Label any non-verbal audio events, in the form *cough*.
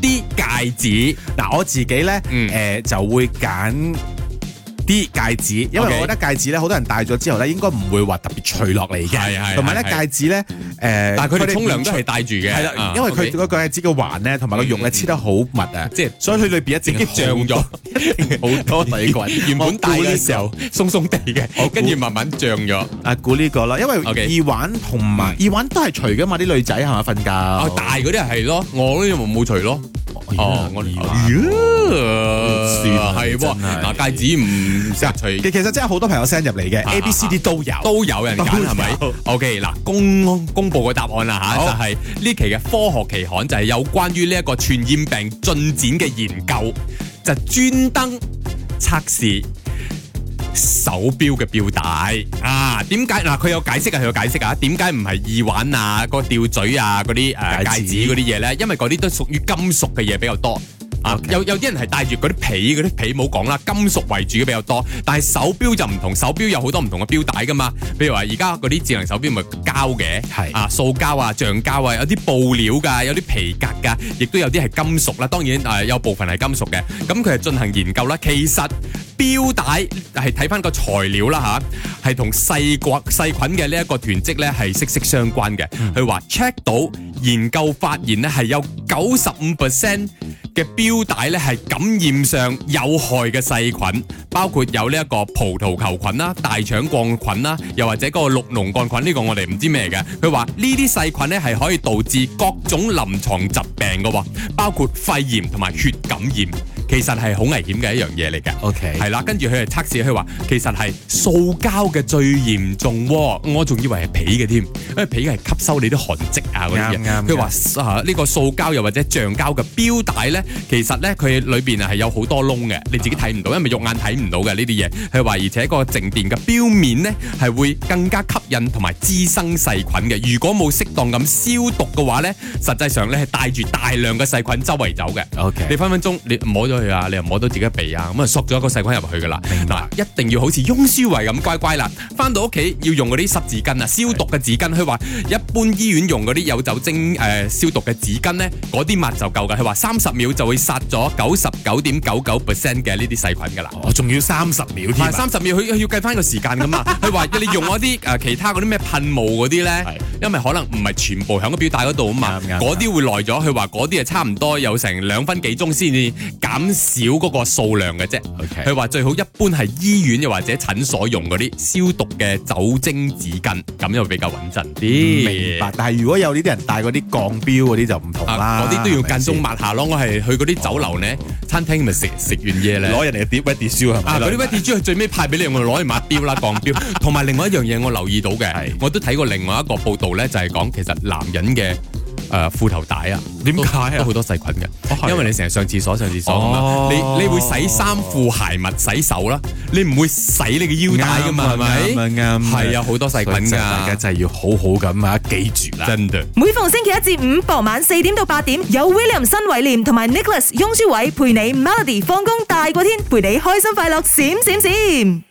啲戒指嗱，我自己咧誒就會揀啲戒指，因為我覺得戒指咧好多人戴咗之後咧，應該唔會話特別除落嚟嘅，同埋咧戒指咧誒，但佢哋沖涼都係戴住嘅，係啦，因為佢嗰個戒指嘅環咧，同埋個肉咧，黐得好密啊，即係，所以佢裏邊一直脹咗，好多細菌，原本戴嘅時候鬆鬆地嘅，跟住慢慢脹咗。啊，估呢個啦，因為耳環同埋耳環都係除噶嘛，啲女仔係咪瞓覺，大嗰啲係咯，我嗰啲冇冇除咯。哎、哦，我二萬，算係喎。嗱，戒指唔即係，其實真係好多朋友 send 入嚟嘅，A、B、啊啊、C、D 都有，都有人揀係咪？O K，嗱，公公布個答案啦嚇，好就係呢期嘅科學期刊就係有關於呢一個傳染病進展嘅研究，就專登測試。手錶嘅錶帶啊？點解嗱？啊、佢有解釋啊？佢有解釋啊？點解唔係耳環啊、個吊墜啊、嗰啲誒戒指嗰啲嘢咧？因為嗰啲都屬於金屬嘅嘢比較多。Okay. 有有啲人係戴住嗰啲皮嗰啲皮，冇講啦，金屬為主嘅比較多。但係手錶就唔同，手錶有好多唔同嘅錶帶噶嘛。譬如話，而家嗰啲智能手錶咪膠嘅係是啊，塑膠啊，橡膠啊，有啲布料噶，有啲皮革噶，亦都有啲係金屬啦。當然誒、呃，有部分係金屬嘅。咁佢係進行研究啦。其實錶帶係睇返個材料啦吓，係同細菌細菌嘅呢一個囤積咧係息息相關嘅。佢話、嗯、check 到研究發現咧係有九十五 percent，嘅錶帶咧係感染上有害嘅細菌，包括有呢一個葡萄球菌啦、大腸桿菌啦，又或者嗰個綠膿桿菌，呢、這個我哋唔知咩嘅。佢話呢啲細菌咧係可以導致各種臨床疾病嘅，包括肺炎同埋血感染。其實係好危險嘅一樣嘢嚟嘅，OK，係啦，跟住佢係測試，佢話其實係塑膠嘅最嚴重，哦、我仲以為係皮嘅添，因為皮嘅係吸收你啲汗漬啊啲嘢，佢話呢個塑膠又或者橡膠嘅表帶咧，其實咧佢裏邊啊係有好多窿嘅，你自己睇唔到，因為肉眼睇唔到嘅呢啲嘢，佢話而且個靜電嘅表面呢，係會更加吸引同埋滋生細菌嘅，如果冇適當咁消毒嘅話咧，實際上咧係帶住大量嘅細菌周圍走嘅，OK，你分分鐘你摸咗。係啊，你又摸到自己鼻啊，咁啊，索咗一個細菌入去噶啦。嗱白，一定要好似翁舒維咁乖乖啦，翻到屋企要用嗰啲濕紙巾啊，消毒嘅紙巾。佢話是的 一般醫院用嗰啲有酒精誒、呃、消毒嘅紙巾咧，嗰啲抹就夠噶。佢話三十秒就會殺咗九十九點九九 percent 嘅呢啲細菌噶啦。我仲、哦、要三十秒添，啊。三十秒，佢要計翻個時間噶嘛。佢話 *laughs* 你用嗰啲誒其他嗰啲咩噴霧嗰啲咧。因為可能唔係全部喺個表帶嗰度啊嘛，嗰啲會耐咗。佢話嗰啲係差唔多有成兩分幾鐘先至減少嗰個數量嘅啫。OK。佢話最好一般係醫院又或者診所用嗰啲消毒嘅酒精紙巾，咁又比較穩陣啲。明白。但係如果有呢啲人帶嗰啲鋼錶嗰啲就唔同啦。嗰啲都要間中抹下咯。我係去嗰啲酒樓咧，餐廳咪食，食完嘢咧，攞人哋嘅啲 wipes，嗰啲 wipes 最尾派俾你用，攞嚟抹錶啦，鋼錶。同埋另外一樣嘢我留意到嘅，我都睇過另外一個報道。咧，就係講其實男人嘅，誒褲頭帶啊，點解啊？都好多細菌嘅，因為你成日上廁所，上廁所，你你會洗衫褲鞋襪、洗手啦，你唔會洗你嘅腰帶噶嘛，係咪？咁樣係有好多細菌噶，大家真係要好好咁啊記住啦，真嘅。每逢星期一至五傍晚四點到八點，有 William 新偉廉同埋 Nicholas 雍舒偉陪你 Melody 放工大過天，陪你開心快樂閃閃閃。